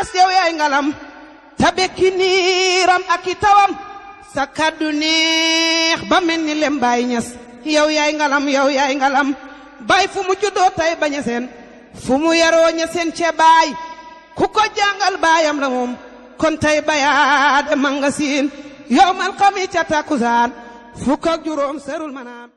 Ñas yow yaay ngalam ta bekki niiram ak i tawam sa kàddu ba mel ni lem Baay ngalam yow ngalam bay fu mu juddoo tay ba ñeseen fu mu yaroo ñeseen ce ku ko jàngal baayam la moom kon tay bayaade manga siin yowmal xami ca takkusaan fukk ak juróom serul manaam